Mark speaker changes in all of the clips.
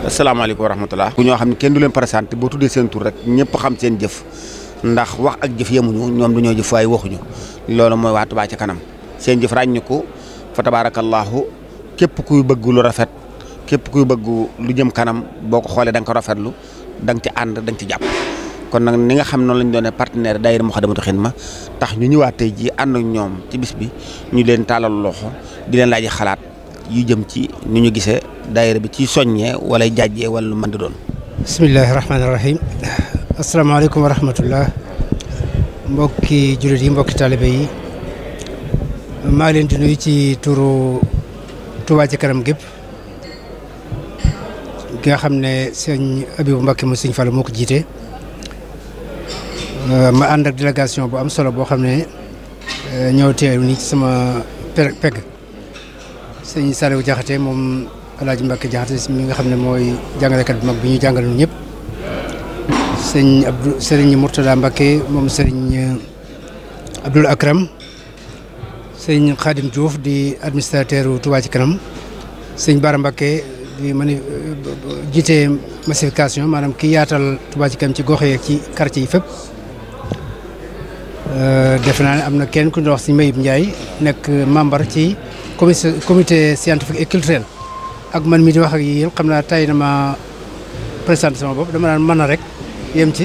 Speaker 1: Assalamualaikum warahmatullah. ku ñoo xamni kenn du leen présenté bo tuddé seen tour rek ñepp xam seen jëf ndax wax ak jëf ñom dañoo jëf waxuñu loolu moy ci kanam seen jëf ñuko fa tabarakallah kep kuy bëgg lu rafet kep kuy bëgg lu jëm kanam boko xolé dang ko rafetlu dang ci and dang ci japp kon nak ni nga xam non lañ doone partenaire daayira Moukhaddamatoul Khidma tax ñu ñëwaat tay ji and ak ñom ci bis bi ñu leen talal loxo di leen laaji xalaat yu jëm ci nu ñu gisee daayira bi ci soññee wala jaajee wala lu mën di doon.
Speaker 2: bismillaahi rahmaani rahiim asalaamaaleykum wa rahmatullah mbokki jullit yi mbokki taalibe yi maa ngi leen di ci turu Touba ci kanam gépp ki nga xam ne sëñ Abibu Mbakke mu sëñ Fallu moo ko jiite euh, ma ànd ak délégation bu am solo boo xam ne euh, ñëw teew ni ci sama pegg sëñ Saliou Diakhaté moom El Hadj Mbacke mi nga xam ne mooy jàngalekat bu mag bi ñuy jàngal ñun ñëpp. sëñ Abdou sëriñ Mourtada Mbacke moom sëriñ eh, Abdoul Akram sëñ Khadim Diouf di administrateur Touba ci kanam sëñ Bara Mbacke di mani eh, jiite massification maanaam ki yaatal Touba ci kanam ci gox yeeg ci quartier yi fépp. Eh, defe naa ne am na kenn ku ñu wax sëñ Mayib Ndiaye nekk membre ci. comité comité scientifique et culturel ak man mii di wax ak yéen xam naa tay na ma présenté sama bopp dama naan man a rek yem ci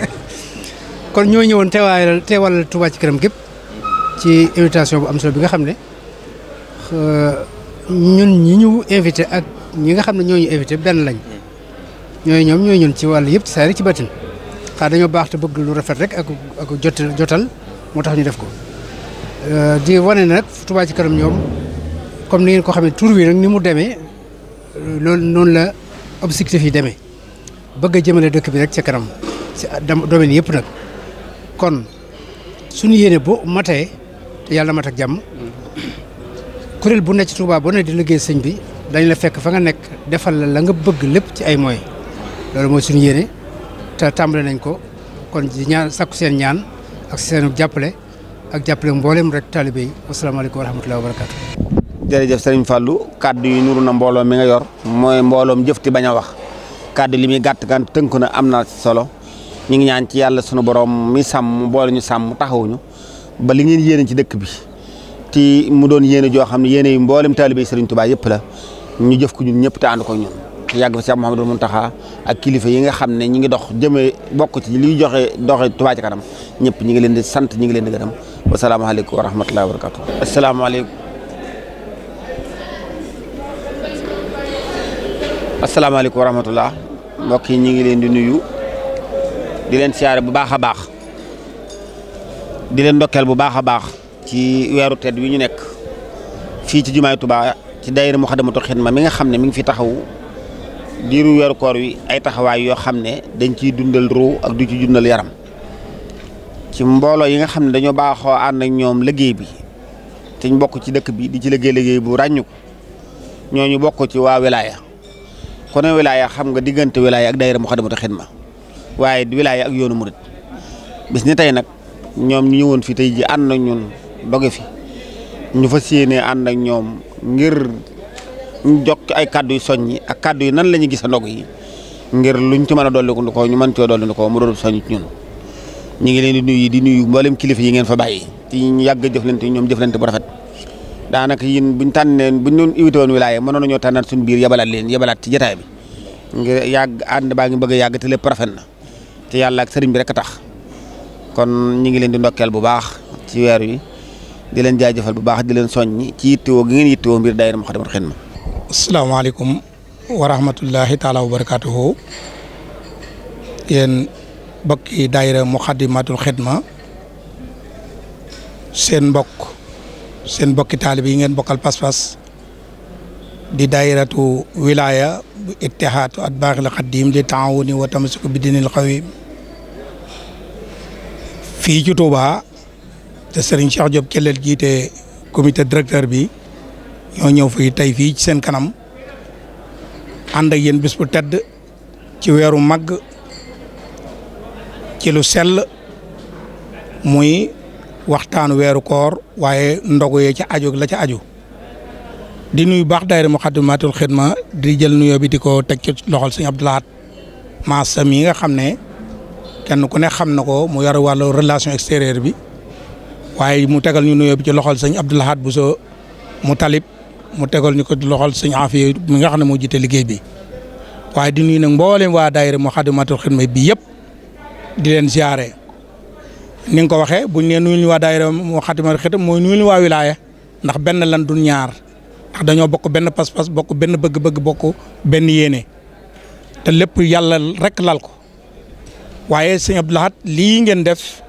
Speaker 2: kon ñoo ñëwoon teewaayal teewal Touba ci këram gépp ci invitation bu am solo bi nga xam ne euh, ñun ñi ñu invité ak ñi nga xam ne ñooñu ñu invité benn lañ ñooy ñoom ñooy ñun ci wàll yëpp ci ci batin xaa dañoo baax te bëgg lu rafet rek ak ak jotal moo tax ñu def ko. Euh, di wane nag Touba ci kanam ñoom comme ni ngeen ko xamee tur wi nag ni mu demee loolu noonu la objectif yi demee bëgg a jëmale dëkk bi rek ci kanam si domaine yëpp nag kon suñu yéene bu matee te yàlla mat ak jàmm kuréel bu nekk ci Touba boo ne di liggéey sëñ bi dañ la fekk fa nga nekk defal la la nga bëgg lépp ci ay mooy loolu mooy suñu yéene te tàmbale nañ ko kon di ñaan sakku seen ñaan ak seenu jàppale ak jàppale mbooleem rek taalibe yi asalaamaaleykum wa rahmatulah wa barakaatu.
Speaker 1: jërëjëf Serigne Fallou kaddu yi nuru na mbooloo mi nga yor mooy mbooloom jëf ti bañ a wax kaddu li muy gàtt gan tënku na am na solo ñu ngi ñaan ci yàlla suñu borom mi sàmm boole ñu sàmm taxawuñu ba li ngeen yéene ci dëkk bi ci mu doon yéene joo xam ne yéene yu mboolem taalibe yi Serigne Touba yëpp la ñu jëf ko ñun ñëpp te ànd ko ñun. yàgg fa Cheikh Mouhamadou Mountakha ak kilifa yi nga xam ne ñi ngi dox jëmee bokk ci liy joxe doxe Touba ca kanam ñëpp ñi ngi leen di sant ñi ngi leen di gërëm wasalaamaaleykum wa rahmatullahi wa barakatu asalaamaaleykum asalaamaaleykum wa mbokk yi ñu ngi leen di nuyu di leen siyaare bu baax a baax di leen ndokkeel bu baax a baax ci weeru tedd wi ñu nekk fii ci jumaay Tuubaa ci daayira Muxaddamatul Xidma mi nga xam ne mi ngi fi taxaw diiru weeru koor wi ay taxawaay yoo xam ne dañ ciy dundal ruu ak du ci dundal yaram ci mbooloo yi nga xam ne dañoo baaxoo ànd ak ñoom liggéey bi te ñu bokk ci dëkk bi di ci liggéey liggéey bu ràññu ñu bokk ci waa wilaaya ku ne wilaaya xam nga diggante wilaaya ak daayira Muxaddamatul ma waaye wilaaya ak yoonu murit bis ni tey nag ñoom ñu ñëwoon fi tey ji ànd nañu ñun fi ñu fa yéenee ànd ak ñoom ngir. jokk ay kaddu soñi ak kaddu nan lañu gissa ndog yi ngir luñ ci mëna a dolliku ko ñu mën ci dolliku ko mu doon soñi ñun ñi ngi leen di nuyu di nuyu mbolem kilifa yi ngeen fa bayyi ci ñu yàgg jëflante ñom jëflante bu rafet daanaka yéen buñ tànnee buñ ñun iwité won wilaya mëna ñu tànnaat suñu biir yabalat leen yabalat ci jotaay bi ngir yag and ba nga bëgg a te lepp rafet na te yalla ak sëriñ bi rek tax kon ñi ngi leen di ndokkel bu baax ci wër wi di len jajeufal bu baax di len soñni ci yittewoo gi ngeen yittewoo mbir daayira xadim Khidma
Speaker 3: asalaamaaleykum wa rahmatullahi taala wa barakaatuhu yéen bokki daayira Muxaddamatul Xidma seen mbokk seen bokki taalib yi ngeen bokkal pas-pas di daayiratu wilaaya bu ittihaadu atbaaxil xaddiim li taawuni wa tamasuku bi dinil xawiim fii ci Touba te Serigne Cheikh Diop Kellel jiite comité directeur bi ñoo ñëw fi tey fii ci seen kanam ànd ak bis bu tedd ci weeru màgg ci lu sell muy waxtaanu weeru koor waaye ndogu yee ci aju la ca aju di nuyu baax mu daayira Muxaddamatul Xidma di jël nuyoo bi di ko teg ci loxol sëñ Abdou Lahad Massa nga xam ne kenn ku ne xam na ko mu yor wàllu relation extérieure bi waaye mu tegal ñu nuyoo bi ci loxol sëñ Abdou Lahad Bousso mu talib mu tegal ñuko ko loxol sëñ Afiya mi nga xamne mo jité liggéey bi way di nuyu nag mboolem waa daayira khadimatul Khidma bi yépp di len ziaré ni nga ko waxee buñ nee nuyu wa waa daayira Khidma moy nuy wa wilaya ndax ben lan du ñaar ndax dañoo bokk ben pas-pas bokk ben bëgg-bëgg bokk ben yéné té lepp yalla rek lal ko waaye seigne Abdou li ngeen def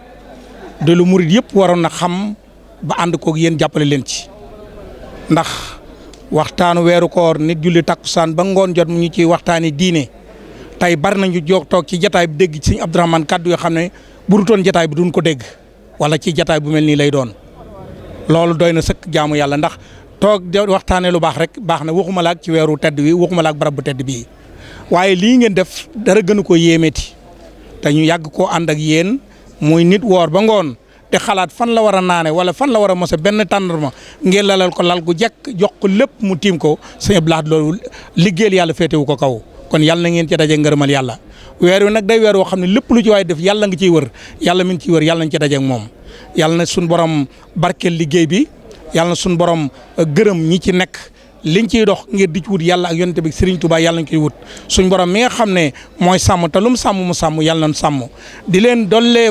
Speaker 3: de lu mourid yépp waron na xam ba ko ak yeen jappalé len ci ndax. waxtaanu weeru koor nit julli takkusaan ba ngoon jot mu ñu ci waxtaani diine tey bari ñu jóg toog ci jataay bi dégg ci sëñ Abdourahmane kàddu yoo xam ne bu dutoon jataay bi duñ ko dégg wala ci jataay bu mel nii lay doon loolu doy na sëkk jaamu yàlla ndax toog de waxtaanee lu baax rek baax na waxuma la ci weeru tedd wi waxuma la ak barab bu tedd bii waaye lii ngeen def dara gënu ko yéemeeti te ñu yàgg koo ànd ak yéen muy nit woor ba ngoon te xalaat fan la war a naane wala fan la war a mose benn tàndarma ngeen lalal ko lal gu jekk jox ko lépp mu tiim ko sëñ Abdou Lahad loolu liggéeyal yàlla féetewu ko kaw kon yàlla na ngeen ci daje ngërëmal yàlla weer nag day weer woo xam ne lépp lu ci waay def yàlla nga ciy wër yàlla mu ngi ciy wër yàlla nañ ci daje moom yàlla na suñu borom barkeel liggéey bi yàlla na suñu borom euh, gërëm ñi ci nekk liñ ciy dox ngir di ci wut yàlla ak yonent bi Serigne Touba yàlla nañ koy wut suñ borom mi nga xam ne mooy sàmm te lu mu sàmm mu sàmm yàlla nañ sàmm di leen dollee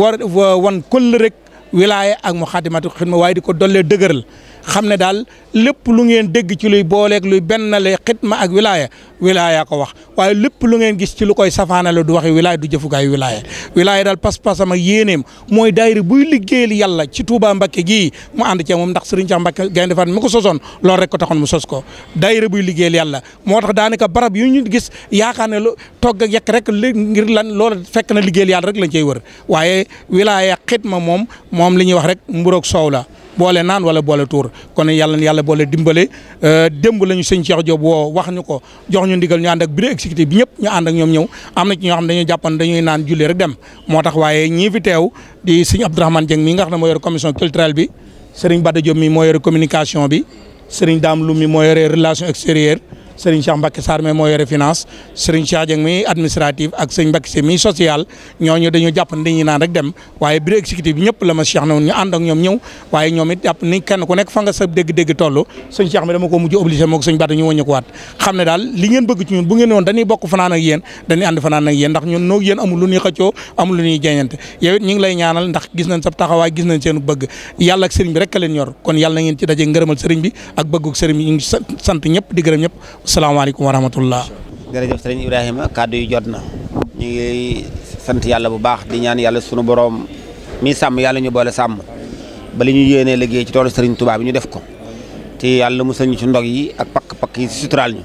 Speaker 3: war wan këll rek wilaaya ak mu xaatimatul xidma waaye di ko dollee dëgëral xam ne daal lépp lu ngeen dégg ci luy booleeg luy benn lay ma ak wilaaya wilaaya ko wax waaye lépp lu ngeen gis ci lu koy safaanale du waxi wilaaya du jëfukaay wilaaya wilaaya daal pas-pasam ak yéeneem mooy daayira buy liggéeyal yàlla ci Touba mbake gii mu ànd cee moom ndax Serigne Cheikh Mbakke Gaynde Fatma mi ko soson loolu rek ko taxoon mu sos ko daayira buy liggéeyal yàlla moo tax daanaka barab yu ñu gis yaakaar ne togg ak yekk rek ngir lan loolu fekk na liggéeyal yàlla rek lañ cey wër waaye wilaaya xitma moom moom li ñuy wax rek mburoog soow la boole naan wala boole tuur kon yàlla na yàlla boole dimbale euh, démb lañu sëñ Cheikh Diop woo wax ñu ko jox ñu ndigal ñu ànd ak bureau exécutif bi ñëpp ñu ànd ñoom ñëw am na ci ñoo xam dañuy jàppan dañuy naan julli rek dem moo tax waaye ñii fi teew di sëñ Abdourahmane Dieng mi nga xam ne moo yor commission culturelle bi Serigne Bada Diop mi moo yor communication bi Serigne Dame Loum mi moo yore relation extérieure Serigne Cheikh Mbacke sar mi moo yore finance Serigne Cheikh Dieng mi administratif ak serigne Mbacke mi social ñoñu dañu japp ne dañuy naan rek dem waye bi executive ñepp la ma Cheikh na ñu and ak ñom ñew waye ñoom it jàpp ni kenn ku nek fa nga sa deg deg tollu serigne Cheikh mi dama ko muju obligé moog serigne bat ñu wàññi ko wat xamne dal li ngeen bëgg ci ñun bu ngeen won dañuy bokk fanaan ak yeen dañuy ànd fanaan ak yeen ndax ñun noog yeen amul lu ñuy xëccio amul lu ñuy jëñante yow it ñu ngi lay ñaanal ndax gis nañ sa taxaway gis nañ seenu bëgg yalla ak serigne bi rek a leen ñor kon yalla ngeen ci daje ngërëmal serigne bi ak bëgguk serigne bi ñu sant ñepp di gëreem ñepp salaamaaleykum wa rahmatullah.
Speaker 1: jërëjëf sëriñ Ibrahima kàddu yi jot na ñu ngi sant yàlla bu baax di ñaan yàlla sunu boroom mi sàmm yàlla ñu boole sàmm ba li ñu yéenee liggéey ci toolu sëriñ tubaab bi ñu def ko te yàlla mu ñu ci ndog yi ak pakk-pakk yi si suturaal ñu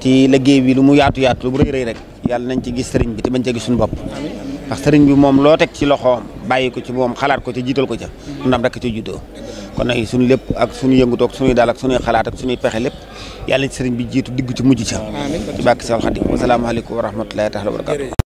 Speaker 1: ci liggéey bi lu mu yaatu yaatu lu mu rëy rëy rek yàlla nañ ci gis sëriñ bi te bañ ci suñu bopp ndax sëriñ bi moom loo teg ci loxoom bàyyi ko ci moom xalaat ko ca jiital ko ca ndam rek ca juddoo kon nag suñu lépp ak suñu yëngutoog suñuy daal ak suñuy xalaat ak suñuy pexe lépp yàlla na sëriñ bi jiitu digg ci mujj ca ci bàkk sal xadim wasalaamaaleykum wa rahmatulahi taala wa barakatu